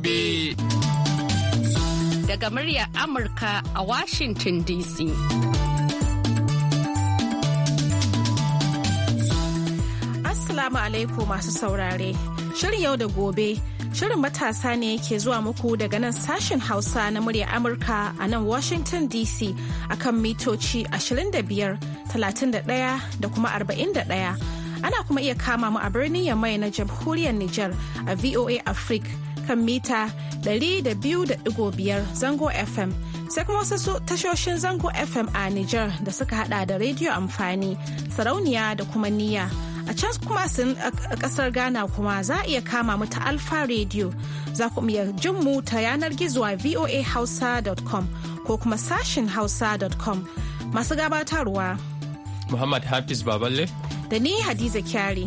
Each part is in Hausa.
gobe. Daga muryar Amurka a Washington DC. Assalamu alaikum masu saurare. Shirin yau da gobe. Shirin matasa ne ke zuwa muku daga nan sashen Hausa na muryar Amurka a nan Washington DC akan mitoci 25, 31 da kuma 41. Ana kuma iya kama mu a birnin Yamai na jamhuriyar Nijar a VOA Africa kan mita 200.5 zango FM sai kuma wasu tashoshin zango FM a Nijar da suka hada da rediyo amfani, sarauniya da kuma niyya. A can kuma sun a kasar Ghana kuma za a iya kama mu ta Alfa Radio za ku iya jin mu ta yanar gizo a voahausa.com ko kuma sashin hausa.com masu gabatarwa. Muhammad Hafiz Baballe. Da ni Hadiza Kyari.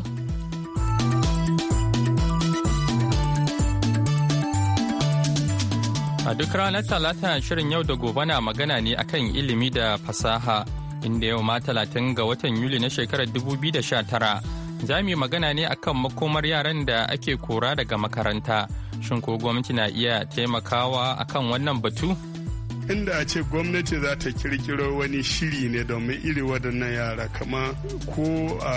A duk ranar Talata shirin yau da gobe na magana ne akan ilimi da fasaha inda yau ma talatin ga watan Yuli na shekarar 2019 za mu yi magana ne akan makomar yaran da ake kora daga makaranta. Shin ko gwamnati na iya taimakawa akan wannan batu? inda a ce gwamnati za ta kirkiro wani shiri ne domin iri waɗannan yara kama ko a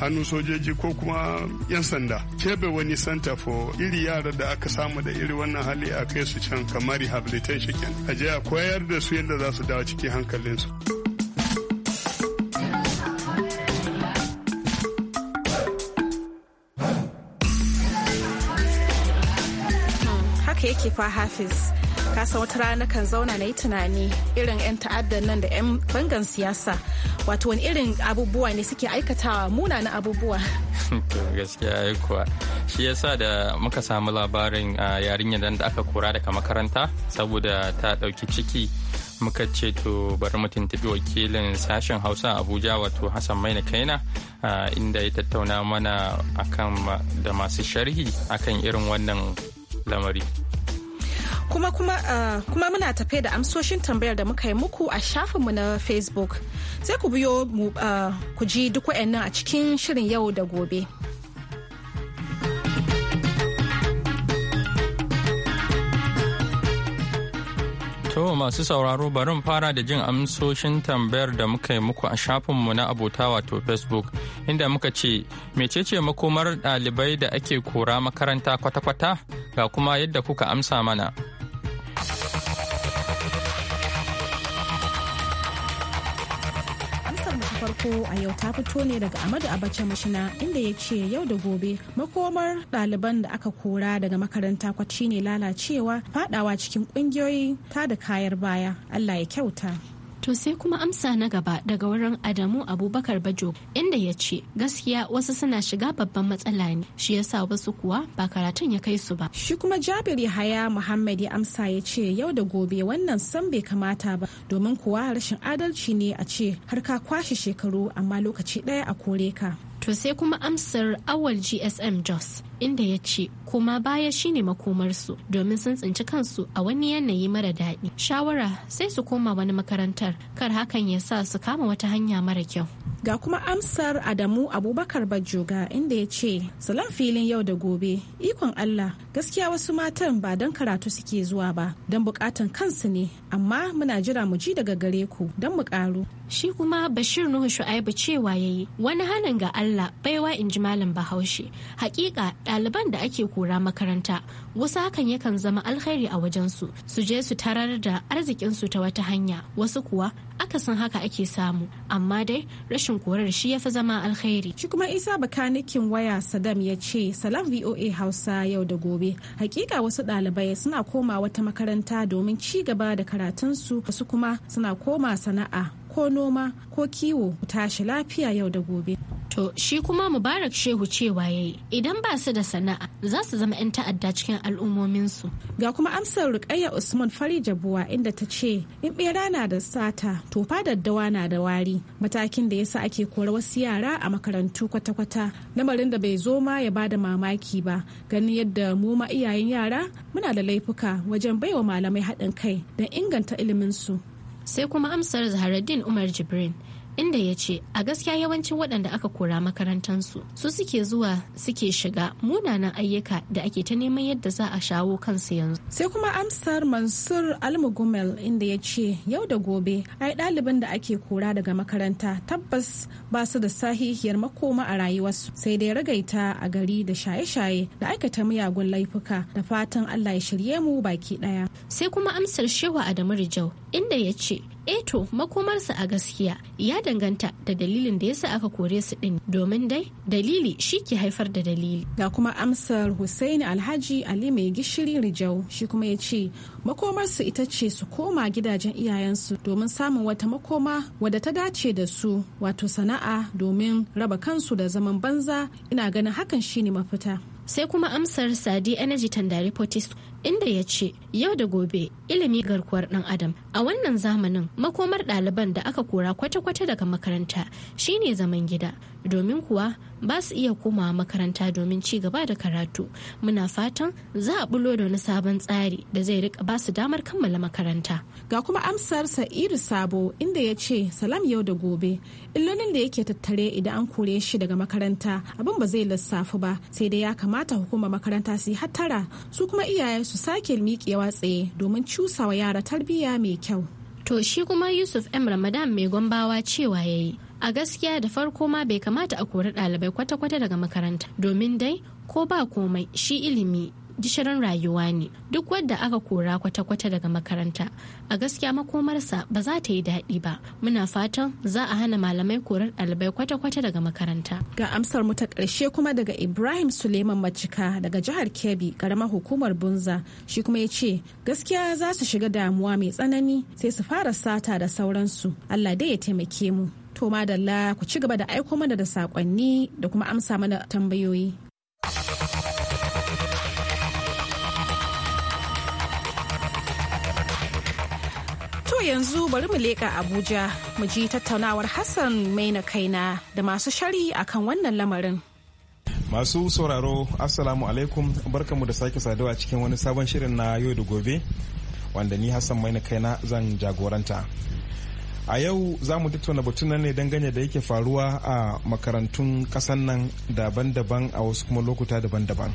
hannun sojoji ko kuma 'yan sanda kebe wani santa for iri yara da aka samu da iri wannan hali a kai su can kamar rehabilitation a je a koyar da su yadda za su dawo cikin hankalinsu. Hmm, haka yake fa hafiz kasan wata rana kan zauna na yi tunani irin 'yan ta'addan nan da 'yan bangan siyasa wato wani irin abubuwa ne suke aikatawa muna na abubuwa to gaskiya kuwa shi yasa da muka samu labarin ah, yarinyar da aka kora daga makaranta saboda ta dauki ciki muka ce to bari mu tuntuɓi wakilin sashen hausa abuja wato hassan maina kaina ah, inda ya tattauna mana akan ah, da masu sharhi akan irin wannan lamari kuma kuma ah, kuma muna tafe da amsoshin tambayar da muka yi muku a shafinmu na facebook sai ku biyo mu ah, ku ji duk wayannan a cikin shirin yau da gobe To masu sauraro bari mu fara da jin amsoshin tambayar da muka yi muku a shafinmu na abota wato Facebook inda muka ce mecece makomar ɗalibai da ake kora makaranta kwata-kwata ga kuma yadda kuka amsa mana. mako a yau ta fito ne daga Amadu Abacha Mashina inda ya ce yau da gobe makomar ɗaliban da aka kora daga makaranta kwaci ne lalacewa fadawa cikin ƙungiyoyi ta da kayar baya Allah ya kyauta. To sai kuma amsa na gaba daga wurin Adamu Abubakar Bajo inda ya ce gaskiya wasu suna shiga babban matsala ne shi yasa wasu kuwa ba karatun ya kai su ba. Shi kuma Jabir haya Muhammad ya amsa ya ce yau da gobe wannan san bai kamata ba domin kuwa rashin adalci ne a ce har ka kwashe shekaru amma lokaci ɗaya a kore ka. To sai kuma amsar awal GSM Jos inda ya ce kuma baya shine makomarsu domin sun tsinci kansu a wani yanayi mara daɗi shawara sai su koma wani makarantar kar hakan ya sa su kama wata hanya mara kyau ga kuma amsar adamu abubakar bajoga inda ya ce salon filin yau da gobe ikon allah gaskiya wasu matan ba don karatu suke zuwa ba don bukatan kansu ne amma muna jira mu ji daga gare ku don mu karu shi kuma bashir nuhu shu'aibu cewa yayi wani hanin ga allah baiwa in ji malam bahaushe hakika ɗaliban da ake kora makaranta wasu hakan yakan zama alheri a wajensu su je su tarar da arzikinsu ta wata hanya wasu kuwa akasin haka ake samu amma dai rashin korar shi ya fi zama alheri. Shi kuma isa bakanikin waya Sadam ya ce salam VOA Hausa yau da gobe. Hakika wasu ɗalibai suna koma wata makaranta domin ci gaba da karatunsu wasu kuma suna koma sana'a ko noma ko kiwo tashi lafiya yau da gobe. To shi kuma Mubarak Shehu cewa ya yi idan ba su da sana'a za su zama 'yan ta'adda cikin al'ummominsu. Ga kuma amsar Rukayya Usman Fari Jabuwa inda ta ce in bera na da sata to daddawa na da wari matakin da yasa ake kora wasu yara a makarantu kwata-kwata lamarin da bai zo ma ya ba da mamaki ba ganin yadda mu ma iyayen yara muna da laifuka wajen baiwa malamai haɗin kai don inganta iliminsu. sai kuma amsar zaharaddin umar jibrin inda ya ce a gaskiya yawancin waɗanda aka kora makarantansu su suke zuwa suke shiga munanan ayyuka da ake ta neman yadda za a shawo kansu yanzu. Sai kuma amsar Mansur Almugumel inda ya ce yau da gobe ai ɗaliban da ake kora daga makaranta tabbas ba su da sahihiyar makoma a rayuwarsu sai dai ragaita a gari da shaye-shaye da aikata miyagun laifuka da fatan Allah ya shirye mu baki ɗaya. Sai kuma amsar Shehu Adamu Rijau inda ya ce eto eh makomarsa a gaskiya ya danganta da dalilin da yasa aka kore su din domin dai dalili shi ke haifar da dalili ga kuma amsar Hussaini Alhaji Ali mai gishiri Rijau shi kuma ya ce makomarsu ita ce su koma gidajen iyayensu domin samun wata makoma wadda ta dace da su wato sana'a domin raba kansu da zaman banza ina ganin hakan shine mafita sai kuma amsar sadi energy tandari potis inda ya ce Yau da gobe ilimi garkuwar ɗan adam a wannan zamanin makomar ɗaliban da aka kora kwata-kwata daga makaranta shine zaman gida domin kuwa ba su iya komawa makaranta domin ci gaba da karatu muna fatan za a bulo da wani sabon tsari da zai rika ba su damar kammala makaranta ga kuma amsar sa'iru sabo inda ya ce salam yau da gobe illolin da yake tattare idan an kore shi daga makaranta abin ba zai lissafu ba sai dai ya kamata hukumar makaranta su yi hattara su kuma iyaye su sake miƙewa ya watse domin cusawa yara tarbiyya mai kyau. To shi kuma Yusuf M. Ramadan mai gwambawa cewa ya yi. A gaskiya da farko ma bai kamata a kori ɗalibai kwata-kwata daga makaranta domin dai ko ba komai shi ilimi gishirin rayuwa ne duk wadda aka kora kwata-kwata daga makaranta a gaskiya makomarsa ba za ta yi daɗi ba muna fatan za a hana malamai korar ɗalibai kwata-kwata daga makaranta ga amsar mu ta ƙarshe kuma daga ibrahim suleiman macika daga jihar kebbi ƙaramar hukumar bunza shi kuma ya ce gaskiya za su shiga damuwa mai tsanani sai su fara sata da sauransu allah dai ya taimake mu to ma madalla ku ci gaba da aiko mana da sakonni da kuma amsa mana tambayoyi. To yanzu bari mu leƙa Abuja mu ji tattaunawar Hassan Maina Kaina da masu shari a kan wannan lamarin. Masu sauraro Assalamu alaikum barkamu da sake saduwa cikin wani sabon shirin na yau da gobe wanda ni Hassan Maina Kaina zan jagoranta. A yau za mu tattauna batun nan ne dangane da yake faruwa a makarantun kasan nan daban-daban a wasu kuma lokuta daban-daban.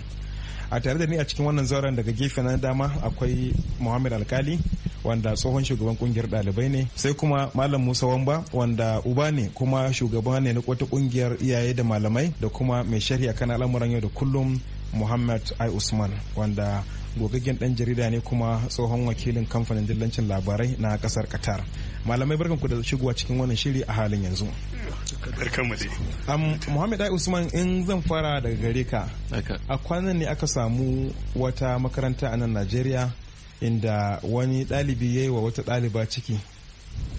A tare da ni a cikin wannan zauren daga gefe na dama akwai Muhammad Alkali. wanda tsohon shugaban kungiyar dalibai ne sai kuma malam musa wamba wanda uba ne kuma shugaba ne na wata kungiyar iyaye da malamai da kuma mai sharhi akan al'amuran yau da kullum muhammad i usman wanda gogaggen dan jarida ne kuma tsohon wakilin kamfanin dillancin labarai na kasar qatar malamai barkan ku da shigowa cikin wannan shiri a halin yanzu muhammad i usman in zan fara daga gare ka a kwanan ne aka samu wata makaranta a nan najeriya inda wani ɗalibi ya yi wa wata ɗaliba ciki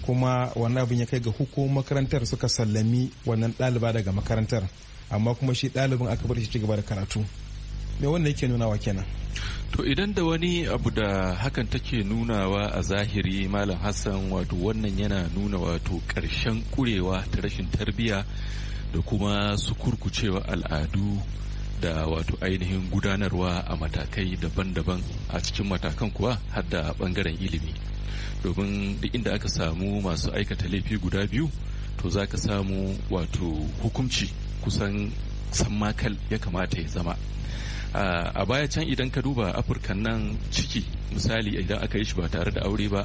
kuma wannan abin ya kai ga hukumar makarantar suka sallami wannan ɗaliba daga makarantar amma kuma shi ɗalibin aka bar shi ci gaba da karatu me wannan yake nunawa kenan to idan da wani abu da hakan take nunawa a zahiri malam hassan wato wannan yana nuna wato karshen kurewa ta rashin tarbiyya da kuma su kurkucewa al'adu da wato ainihin gudanarwa a matakai daban-daban a cikin matakan kuwa har da bangaren ilimi domin duk inda aka samu masu aikata laifi guda biyu to za ka samu wato hukunci kusan sammakal ya kamata ya zama a baya can idan ka duba afirka nan ciki misali idan aka yi shi ba tare da aure ba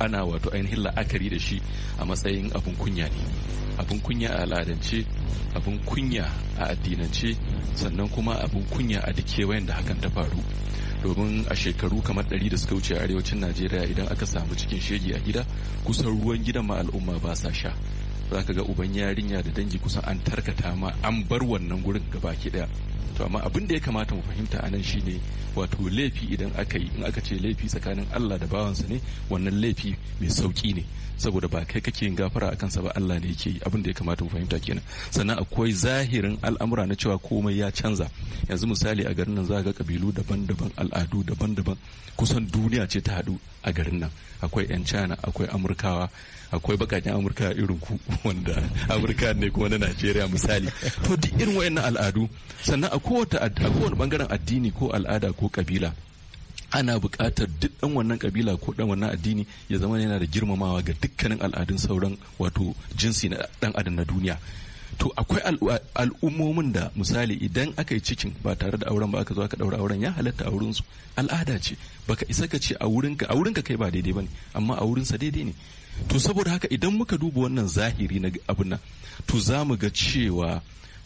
ana wato ainihin la'akari da shi a matsayin abin kunya ne abin kunya a al'adance abin kunya a addinance sannan kuma abin kunya a duk kewayen da hakan ta faru domin a shekaru kamar ɗari da suka wuce a arewacin najeriya idan aka samu cikin shege a gida kusan ruwan gidan ma al'umma ba sa sha za ka ga uban yarinya da dangi kusan an tarkata ma an bar wannan gurin gabaki daya to amma abin da ya kamata mu fahimta anan ne wato laifi idan aka yi in aka ce laifi tsakanin Allah da bawansa ne wannan laifi mai sauki ne saboda ba kai kake yin gafara akan sa ba Allah ne yake yi abin da ya kamata mu fahimta kenan sannan akwai zahirin al'amura na cewa komai ya canza yanzu misali a garin nan za ga kabilu daban-daban al'adu daban-daban kusan duniya ce ta haɗu a garin nan akwai 'yan China akwai Amurkawa akwai bakakin amurka irin ku wanda amurka ne kuma na najeriya misali to duk irin wayannan al'adu sannan a kowace a kowane bangaren addini ko al'ada ko kabila ana buƙatar duk ɗan wannan kabila ko ɗan wannan addini ya zama yana da girmamawa ga dukkanin al'adun sauran wato jinsi na ɗan adam na duniya to akwai al'ummomin da misali idan aka yi cikin ba tare da auren ba aka zo aka daura auren ya halatta auren su al'ada ce baka isa ka ce a wurinka a wurinka kai ba daidai bane amma a wurinsa daidai ne to saboda haka idan muka duba wannan zahiri na abin nan to za mu ga cewa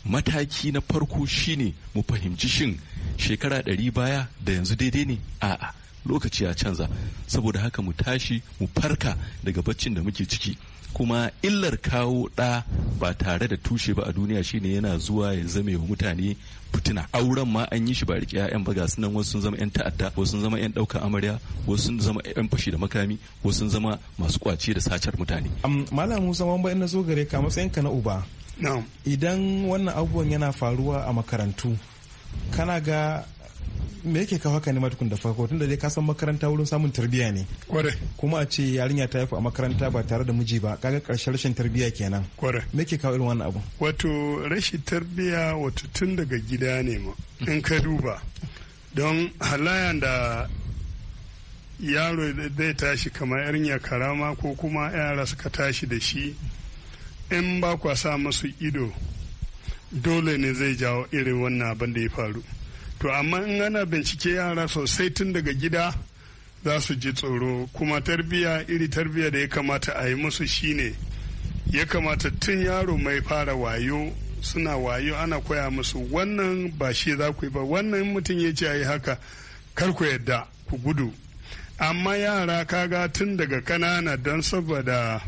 mataki na farko shine mu fahimci shin shekara ɗari baya da yanzu daidai ne a'a lokaci ya canza saboda haka mu tashi mu farka daga baccin da muke ciki kuma illar kawo ɗa ba tare da tushe ba a duniya shine yana zuwa ya zame wa mutane fitina auren ma an yi shi ba rike ƴaƴan ba ga sunan wasu sun zama ƴan ta'adda wasu sun zama ƴan ɗaukar amarya wasu sun zama ƴan fashi da makami wasu sun zama masu kwace da sacar mutane. malam musa ba ina zo gare ka matsayin ka na uba. idan wannan abubuwan yana faruwa a makarantu kana ga me yake kawo haka ne ma tukun da farko tunda dai ka san makaranta wurin samun tarbiyya ne kware kuma a ce yarinya ta haifu a makaranta ba tare da miji ba kaga karshen rashin tarbiyya kenan kware me yake kawo irin wannan abu wato rashin tarbiyya wato tun daga gida ne ma in ka duba don halayen da yaro zai tashi kamar yarinya karama ko kuma yara suka tashi da shi in ba kwa sa masu ido dole ne zai jawo irin wannan abin da ya faru to amma in ana bincike yara sosai tun daga gida za su ji tsoro kuma tarbiyya iri tarbiya da ya kamata a yi musu shine ya kamata tun yaro mai fara wayo suna wayo ana koya musu wannan ba shi za ku yi ba wannan mutum ya ce a yi haka kar ku yadda ku gudu amma yara kaga tun daga kanana don saboda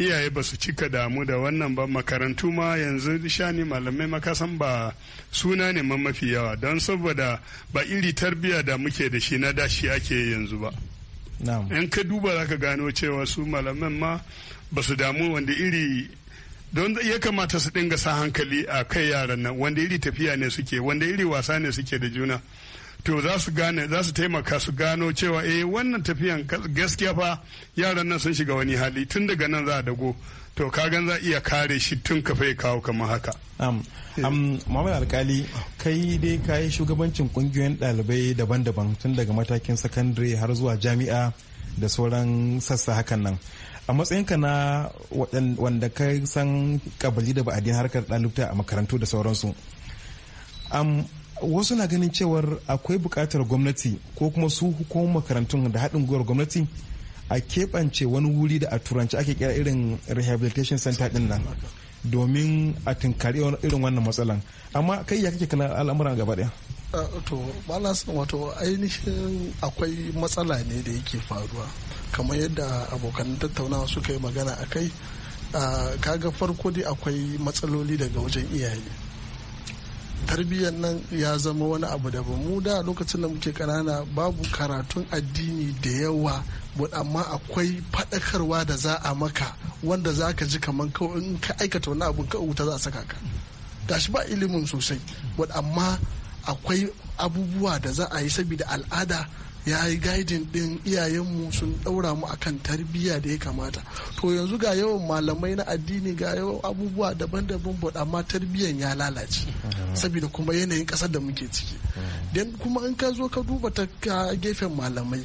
iyaye ba su cika damu da wannan ba makarantu ma yanzu shani malamai makasan ba suna ne mafi yawa don saboda ba iri tarbiya da muke da shi na dashi ake yanzu ba in ka duba za ka gano cewa su malamai ma ba su damu wanda iri don ya kamata su dinga sa hankali a kai yaran nan wanda iri tafiya ne suke wanda iri wasa ne suke da juna to za su gane za su taimaka su gano cewa eh wannan tafiyan gaskiya fa yaran nan sun shiga wani hali tun daga nan za a dago to kagan za iya kare shi tun kafa ya kawo kamar haka. Am Muhammad Alkali, kai dai ka yi shugabancin kungiyoyin ɗalibai daban-daban tun daga matakin sakandare har zuwa jami'a da sauran sassa hakan nan. A matsayinka na wanda ka san kabali da ba'adin harkar ɗalibta a makarantu da sauransu. wasu na ganin cewar akwai bukatar gwamnati ko kuma su hukumar makarantun da haɗin gwiwar gwamnati a keɓance wani wuri da a turanci ake kira irin rehabilitation center ɗin nan domin a tunkari irin wannan matsalan amma kai ya kake kana al'amuran gaba ɗaya ah, to bala san wato ainihin akwai matsala ne da yake faruwa kamar yadda abokan tattaunawa suka yi magana a kai ah, kaga farko dai akwai matsaloli daga wajen iyaye tarbiyyar nan ya zama wani abu daban mu da lokacin da muke kanana babu karatun addini da yawa amma akwai faɗakarwa da za a maka wanda za ka ji kamar kawai in ka aikata wani abu ka wuta za a saka ka gashi ba ilimin sosai amma akwai abubuwa da za a yi saboda al'ada ya yi gaidin din iyayenmu sun ɗaura mu akan tarbiyya da ya kamata to yanzu ga yawan malamai na addini ga yawan abubuwa daban-daban but amma tarbiyyan ya lalace saboda kuma yanayin kasar da muke ciki dan kuma in ka zo ka duba ta gefen malamai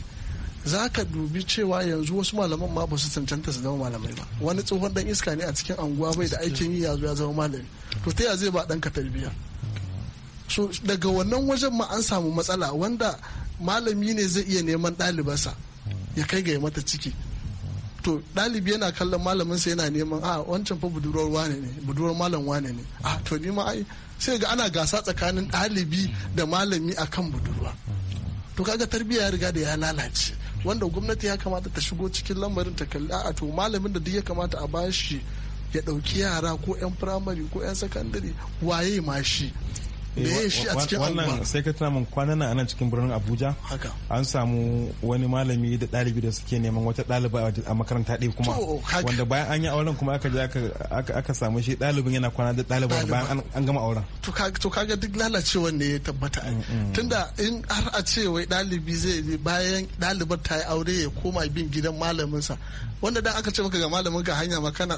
za ka dubi cewa yanzu wasu malaman ma ba su cancanta su zama malamai ba wani tsohon dan iska ne a cikin anguwa bai da aikin yi ya zo ya zama malami to ta zai ba ka tarbiyya so daga wannan wajen ma an samu matsala wanda malami ne zai iya neman ɗalibansa ya kai ga mata ciki to ɗalibi yana kallon malaminsa yana neman a ah, wancan fa budurwar wane ne budurwar malam wane ne a ah, to ni ma ai sai ga ana gasa tsakanin ɗalibi da malami akan budurwa to kaga tarbiyya ya riga da ya lalace wanda gwamnati ya kamata ta shigo cikin lamarin ta kalli a to malamin da duk ya kamata a bashi ya ɗauki yara ko 'yan firamare ko 'yan sakandare waye ma shi me eh, shi a cikin wannan sai ka tuna min kwanan nan anan cikin birnin Abuja an samu wani malami da dalibi da suke neman wata daliba a makaranta ɗaya kuma wanda bayan an yi auren kuma aka je aka samu shi dalibin yana kwana da daliba bayan an gama auren to kaga duk lalacewa ne ya tabbata mm, mm. tunda in har a ce wai dalibi zai bi bayan dalibar ta yi aure ya koma bin gidan malaminsa wanda dan aka ce maka ga malamin ga hanya ma kana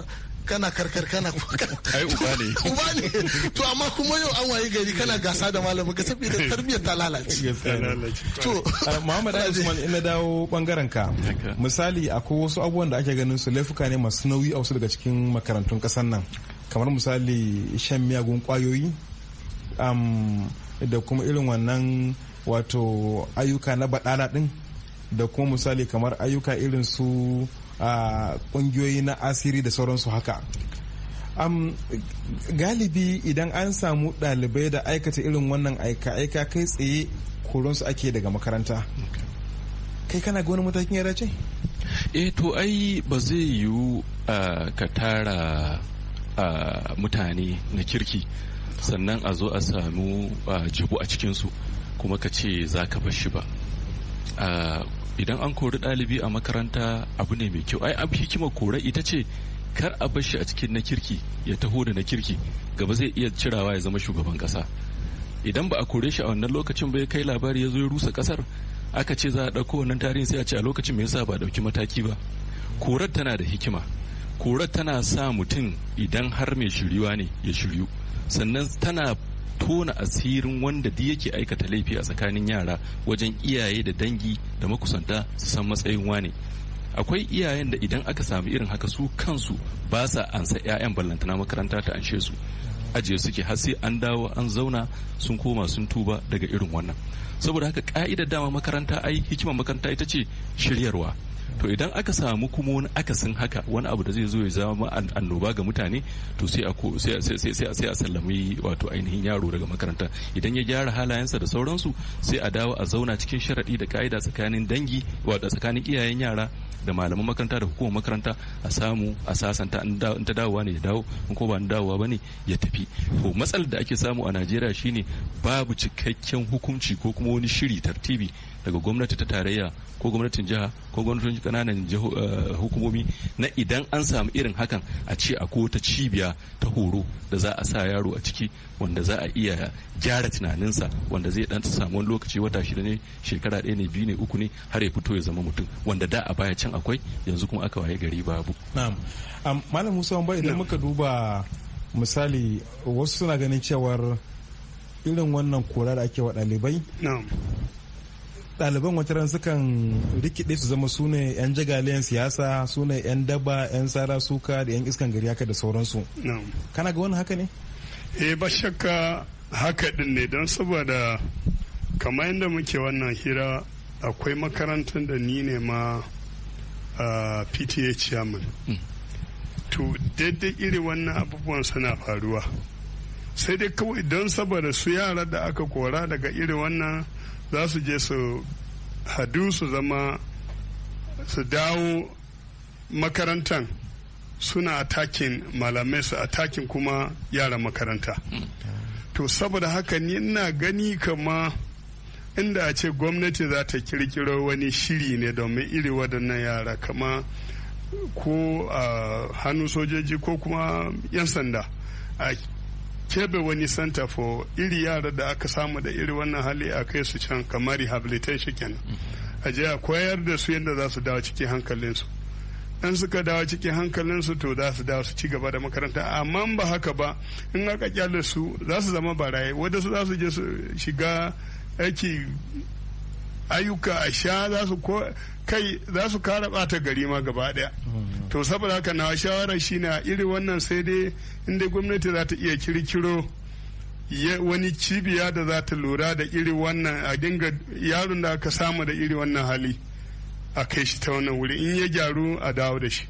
kana karkar kana kuka ai uba ne uba ne to amma kuma yau an waye gari yana gasa da malamin ka saboda tarbiyyar ta lalace to Muhammad Usman ina dawo bangaren ka misali akwai wasu abubuwan da ake ganin su laifuka ne masu nauyi a wasu daga cikin makarantun kasar nan kamar misali shan miyagun kwayoyi da kuma irin wannan wato ayyuka na baɗala ɗin da kuma misali kamar ayyuka irin su a ah, ƙungiyoyi na asiri da sauransu haka um, galibi idan an samu dalibai da aikata irin wannan aika-aika kai tsaye koronsu ake daga makaranta kai kana ga matakin ya dace? eh to ai ba zai yiwu uh, ka tara uh, mutane na kirki sannan a zo a samu uh, jibu a cikinsu kuma ka ce za ka bashi ba idan an kori ɗalibi a makaranta abu ne mai kyau ai hikimar kora ita ce kar a bar shi a cikin na kirki ya taho da na kirki gaba zai iya cirawa ya zama shugaban kasa idan ba a kore shi a wannan lokacin ba ya kai labari ya zo ya rusa kasar aka ce za a ɗauko wannan tarihin sai a ce a lokacin me yasa ba a ɗauki mataki ba korar tana da hikima korar tana sa mutum idan har mai shiryuwa ne ya shiryu sannan tana tona asirin wanda duk yake aikata laifi a tsakanin yara wajen iyaye da dangi da makusanta su san matsayin wane akwai iyayen da idan aka samu irin haka su kansu ba sa ansa 'ya'yan ballantana makaranta ta anshe su ajiye suke har sai an dawo an zauna sun koma sun tuba daga irin wannan saboda haka ka'idar dama makaranta ai hikimar makaranta ita ce shiryarwa to idan aka samu kuma wani akasin haka wani abu da zai zo ya zama annoba ga mutane to sai a sai a sallami wato ainihin yaro daga makaranta idan ya gyara halayensa da sauransu sai a dawo a zauna cikin sharaɗi da ka'ida tsakanin dangi wato tsakanin iyayen yara da malaman makaranta da hukumar makaranta a samu a sasanta in ta dawowa ne ya dawo in ko ba ni dawowa ba ne ya tafi to matsalar da ake samu a najeriya shine babu cikakken hukunci ko kuma wani shiri tartibi daga gwamnati ta tarayya ko gwamnatin jiha ko gwamnatin kananan eh, hukumomi na idan an samu irin hakan a ce a ta cibiya ta horo da za a sa yaro a ciki wanda za a iya gyara tunaninsa wanda zai dan samu wani lokaci wata shida ne shekara ɗaya ne biyu ne uku ne har ya fito ya zama mutum wanda da a baya can akwai yanzu kuma aka waye gari babu. na'am malam musa ba idan muka duba misali wasu suna ganin cewar irin wannan kora da ake wa ɗalibai ɗaliban wataran sukan rikide su zama su ne 'yan jagaliyan siyasa su 'yan daba 'yan tsara suka da 'yan iskan gari haka da sauransu kana ga wani haka ne eh ba shakka haka din ne don saboda kamar yadda muke wannan hira akwai makarantar da ni ne ma pta chairman hmm. to daidai iri wannan abubuwan suna faruwa sai dai kawai don saboda su yara da aka kora daga iri wannan za su je su hadu su zama su dawo makarantan suna atakin malamai su atakin kuma yaran makaranta to saboda haka ni ina gani kama inda a ce gwamnati za ta kirkiro wani shiri ne domin iri waɗannan yara kama ko a hannun hannu sojoji ko kuma 'yan sanda a keɓe wani santa for iri yara da aka samu da iri wannan hali a kai su can kamar rehabilitation kenan a je a koyar da su yadda za su dawo cikin hankalinsu dan suka dawo cikin hankalinsu to za su dawo su ci gaba da makaranta amma ba haka ba in aka kyale su za su zama baraye wadda su za su je su shiga aiki ayyuka a sha za su kai za su kara bata gari ma gaba daya to saboda haka na shawara shi na iri wannan sai dai inda gwamnati za ta iya kirkiro wani cibiya da za ta lura da iri wannan a dinga yaron da aka samu da iri wannan hali a kai shi ta wannan wuri in ya gyaru a dawo da shi.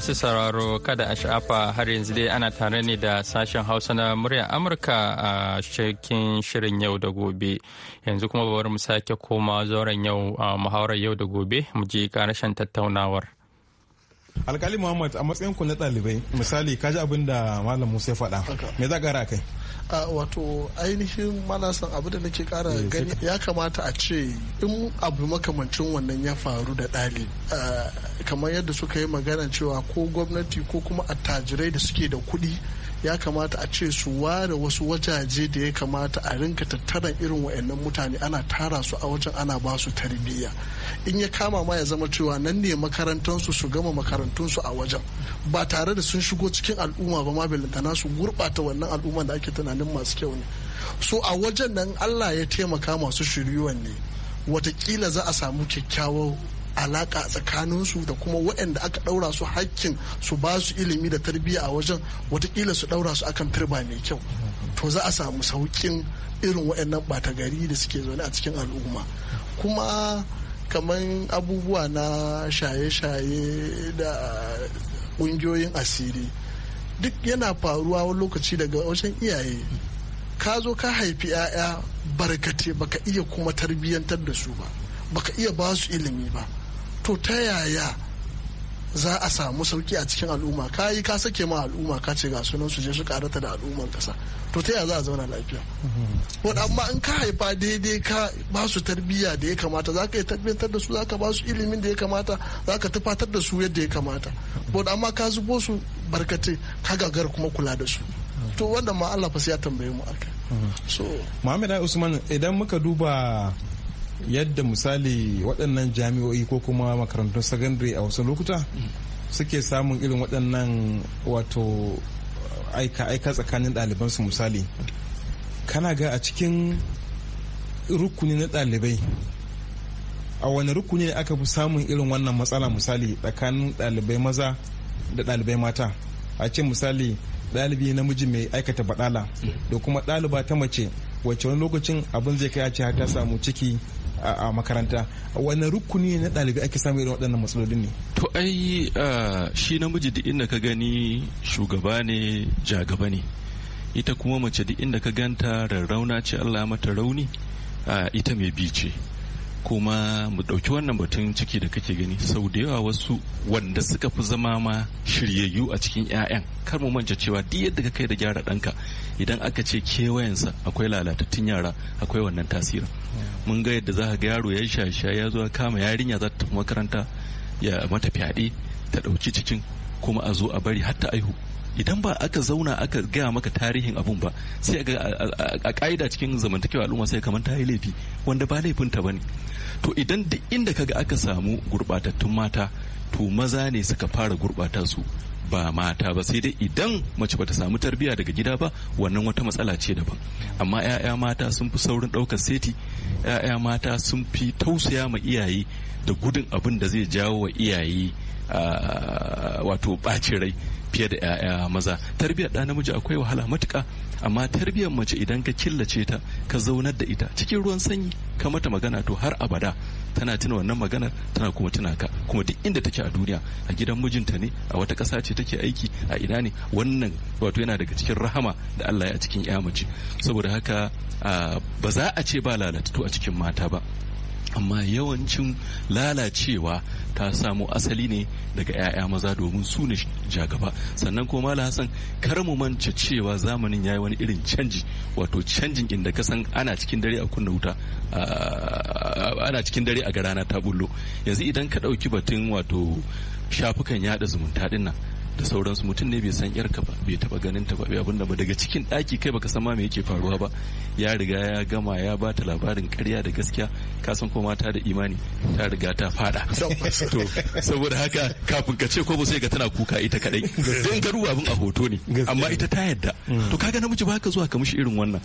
masu sauraro kada a sha'afa har yanzu dai ana tare ne da sashen hausa na muryar amurka a cikin shirin yau da gobe yanzu kuma bari mu sake koma zauren yau muhawarar yau da gobe mu je karashen tattaunawar. alkali muhammad a matsayin ku na ɗalibai misali kaji abin da malam musa ya faɗa me za gara kai wato ainihin malasan abu da nake ƙara eh, gani ya kamata a ce in abu makamancin wannan ya faru da ɗali kamar yadda suka yi magana cewa ko gwamnati ko kuma attajirai da suke da kuɗi ya kamata a ce su ware wasu wajaje da ya kamata a rinka tattaran irin wa'annan mutane ana tara su a wajen ana ba su tarbiyya in ya kama ma ya zama cewa nan ne makarantansu su gama makarantunsu a wajen ba tare da sun shigo cikin al'umma ba ma belantana su gurɓata wannan al'umma da ake tunanin masu kyau ne so a wajen nan allah ya taimaka masu shiryuwan ne watakila za a samu kyakkyawar alaka tsakaninsu da kuma waɗanda aka ɗaura su hakkin su ba su ilimi da tarbiyya a wajen watakila su ɗaura su akan turba mai kyau to za a samu sauƙin irin waɗannan ɓata gari da suke zaune a cikin al'umma kuma kamar abubuwa na shaye-shaye da ƙungiyoyin asiri duk yana faruwa wani lokaci daga wajen iyaye ka zo ka haifi 'ya'ya barkate baka iya kuma tarbiyyantar da su ba baka iya ba su ilimi ba to ta yaya za a samu sauki a cikin al'umma ka yi ka sake ma al'umma ka ce ga sunan su je su karata da al'umman kasa to ta yaya za a zauna lafiya wadda amma in ka haifa daidai ka ba su tarbiyya da ya kamata za ka yi tarbiyyantar da su za ka ba su ilimin da ya kamata za ka tufatar da su yadda ya kamata wadda amma ka zubo su barkatai ka gagar kuma kula da su to wanda ma Allah fa sai ya tambaye mu akai so Muhammad Usman idan muka duba yadda misali waɗannan jami'o'i ko kuma makarantun secondary a wasu lokuta suke samun irin waɗannan wato aika-aika tsakanin ɗalibansu misali kana ga a cikin rukuni na ɗalibai a wani rukuni ne aka fi samun irin wannan matsala misali tsakanin ɗalibai maza da ɗalibai mata a ce misali ɗalibi namiji mai aikata baɗala da kuma ɗaliba ta mace wacce wani lokacin abin zai kai a ce ta samu ciki a makaranta wani rukuni na ɗalibai ake samu irin waɗannan matsalolin ne to ai shi namiji duk inda ka gani shugaba ne jagaba ne ita kuma mace duk inda ka ganta rarrauna ce Allah mata rauni ita mai bi ce kuma mu ɗauki wannan batun ciki da kake gani sau da yawa wasu wanda suka fi zama ma shiryayyu a cikin 'ya'yan kar mu manta cewa duk yadda ka kai da gyara ɗanka idan aka ce kewayensa akwai lalatattun yara akwai wannan tasirin mun ga yadda za ka ga yaro ya shasha ya zo kama yarinya za ta tafi makaranta ya mata fyaɗe ta ɗauki cikin kuma a zo a bari hatta aihu idan ba aka zauna aka gaya maka tarihin abun ba sai a ka'ida cikin zamantakewa al'umma sai kamar ta yi laifi wanda ba laifinta ba ne to idan duk inda kaga aka samu gurbatattun mata to maza ne suka fara gurbata su ba mata ba sai dai idan mace bata samu tarbiyya daga gida ba wannan wata matsala ce daban amma 'ya'ya mata sun fi saurin ɗaukar seti 'ya'ya mata sun fi tausaya ma iyaye da gudun abin da zai jawo wa iyaye wato bacirai. rai fiye da 'ya'ya maza tarbiyyar ɗa namiji akwai wahala matuka amma tarbiyyar mace idan ka killace ta ka zaunar da ita cikin ruwan sanyi ka mata magana to har abada tana tuna wannan maganar tana kuma tuna ka kuma duk inda take a duniya a gidan mijinta ne a wata ƙasa ce take aiki a ina ne wannan wato yana daga cikin rahama da Allah ya cikin 'ya mace saboda haka ba za a ce ba lalatattu a cikin mata ba amma yawancin lalacewa ta samo asali ne daga 'ya'ya maza domin su ne jagaba sannan kuma mala hassan kar mu manta cewa zamanin ya yi wani irin canji wato canjin inda ka san ana cikin dare a kunna wuta ana cikin dare a ga rana ta bullo yanzu idan ka ɗauki batun wato shafukan yada zumunta dinnan da sauransu mutum ne bai san yarka ba bai taba ganin ta ba bai abin ba daga cikin daki kai baka san ma me yake faruwa ba ya riga ya gama ya ba ta labarin karya da gaskiya ka san ko mata da imani ta riga ta fada to saboda haka kafin ka ce ko ba sai ga tana kuka ita kadai don garu abin a hoto ne amma ita ta yadda to kaga namiji ba ka zuwa ka mishi irin wannan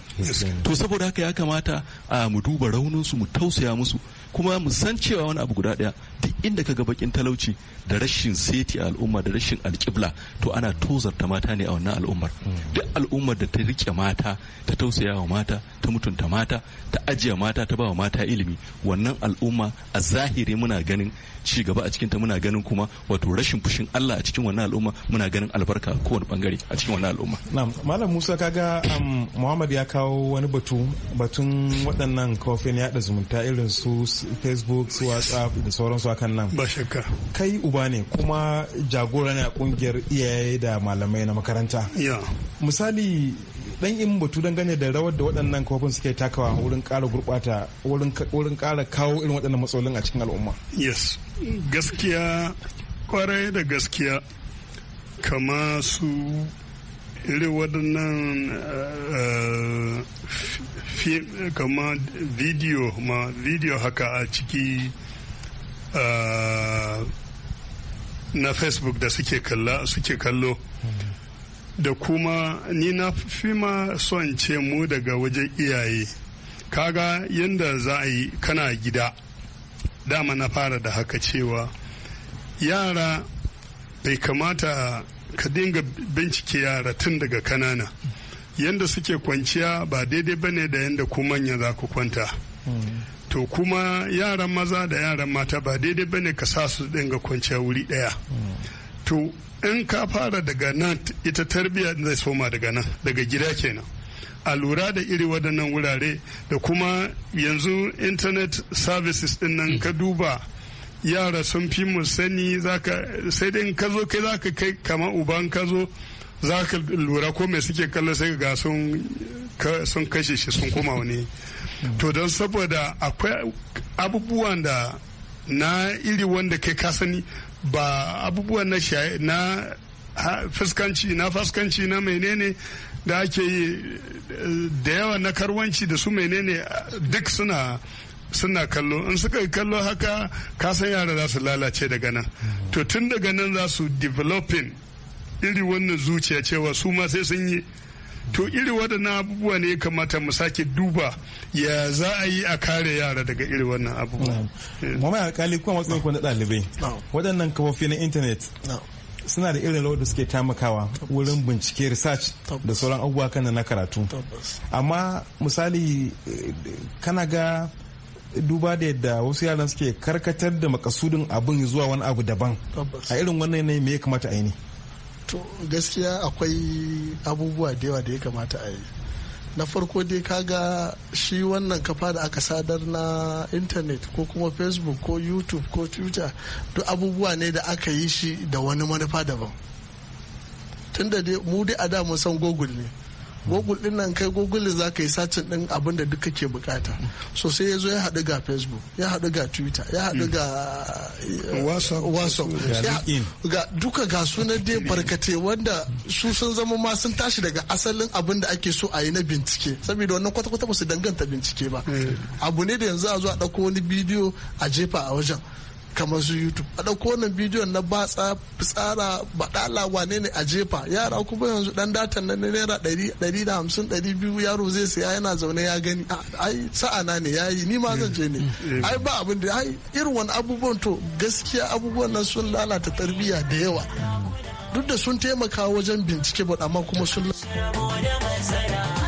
to saboda haka ya kamata a mu duba raunin su mu tausaya musu kuma mu san cewa wani abu guda daya duk inda ka ga bakin talauci da rashin seti al'umma da rashin alƙibla Allah to ana tozarta mata ne a wannan al'ummar duk al'ummar da ta rike mata ta tausaya wa mata ta mutunta mata ta ajiye mata ta ba wa mata ilimi wannan al'umma a zahiri muna ganin ci gaba a cikin muna ganin kuma wato rashin fushin Allah a cikin wannan al'umma muna ganin albarka kowane bangare a cikin wannan al'umma na'am malam Musa kaga um, Muhammad ya kawo wani batu batun waɗannan kofin yaɗa zumunta irin su Facebook su WhatsApp da sauransu akan nan ba shakka kai uba ne kuma jagora ne a kungiyar iyaye da malamai na makaranta Ya. misali dan in batu dangane da rawar da waɗannan kofin suke takawa wurin ƙara gurɓata wurin ƙara kawo irin waɗannan matsalolin a cikin al'umma yes gaskiya kwarai da gaskiya kama su irin waɗannan eh, eh, kama video ma video haka a ciki eh, na facebook da suke kallo da kuma ni na fi ma son ce mu daga wajen iyaye kaga yadda za a yi kana gida dama na fara da haka cewa yara bai kamata ka dinga bincike yara tun daga kanana yadda suke kwanciya ba daidai bane da yadda ku manya za ku kwanta to kuma yaran maza da yaran mata ba daidai bane ka sa su dinga kwanciya wuri daya to in ka fara daga nan ita tarbiyya zai soma daga nan daga gida kenan a lura da iri waɗannan wurare da kuma yanzu internet services din nan ka duba yara sun fi mu sani sai dai in ka zo kai zaka kai kama uban ka zo za ka lura ko mai suke kallo sai ga sun kashe shi sun koma wani to don saboda akwai abubuwan da na iri wanda kai ka sani ba abubuwan na na fuskanci na fuskanci na menene da ake yi da yawa na karwanci da su menene duk suna suna kallo in suka yi kallo haka kasan yara za su lalace daga nan to tun daga nan za su developing iri wannan zuciya cewa su ma sai sun yi to iri waɗannan abubuwa ne ya kamata mu sake duba ya za a yi a kare yara daga iri wannan abubuwa. Eh. Mama alkali kuma wasu kwan ɗalibai waɗannan kafofi na intanet suna da irin rawar da suke taimakawa wurin bincike research da sauran abubuwa kan na karatu amma misali eh, kana ga duba da yadda wasu yaran suke karkatar da makasudin abin zuwa wani abu daban a irin wannan yanayi me ya kamata a yi to gaskiya akwai abubuwa da yawa da ya kamata a yi na farko dai kaga shi wannan kafa da aka sadar na intanet ko kuma facebook ko youtube ko twitter duk abubuwa ne da aka yi shi da wani manufa daban tunda dai mu dai a da mun san google ne google din nan kai google za ka yi sacin din abin da duka ke bukata so sai ya zo ya haɗu ga facebook ya haɗu ga twitter ya haɗu ga eh, whatsapp ga duka ga sunan dai barkate wanda su sun zama ma sun tashi daga asalin abin da ake so a yi na bincike saboda wannan kwata-kwata ba su danganta bincike ba eh. abu ne da yanzu a zo a ɗauko wani bidiyo a jefa a wajen kamar su youtube a ɗauko wannan bidiyon na batsa fitsara baɗala wane ne a jefa yara kuma yanzu dan datan nan na naira ɗari da hamsin ɗari biyu yaro zai siya yana zaune ya gani ai na ne ya ni ma zan je ne eh, eh. ai ba abin da ai irin wani abubuwan to gaskiya abubuwan nan sun lalata tarbiyya da yawa duk da sun taimaka wajen bincike ba amma kuma sun lalata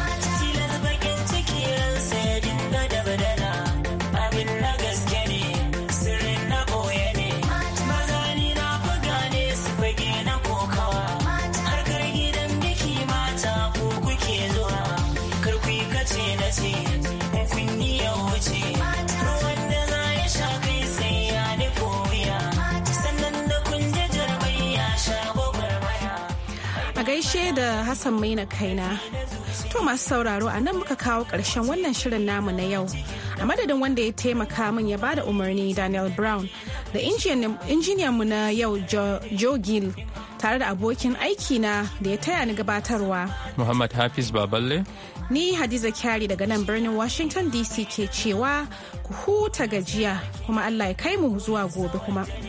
ashe da Hassan Maina kaina. To masu sauraro a nan muka kawo ƙarshen wannan shirin namu na yau. A madadin wanda ya taimaka min ya bada umarni Daniel Brown da injiniyan mu na yau Joe Gill tare da abokin aiki na da ya taya ni gabatarwa. Muhammad Hafiz Baballe. Ni Hadiza Kyari daga nan birnin Washington DC ke cewa ku huta gajiya kuma Allah ya kai mu zuwa gobe kuma.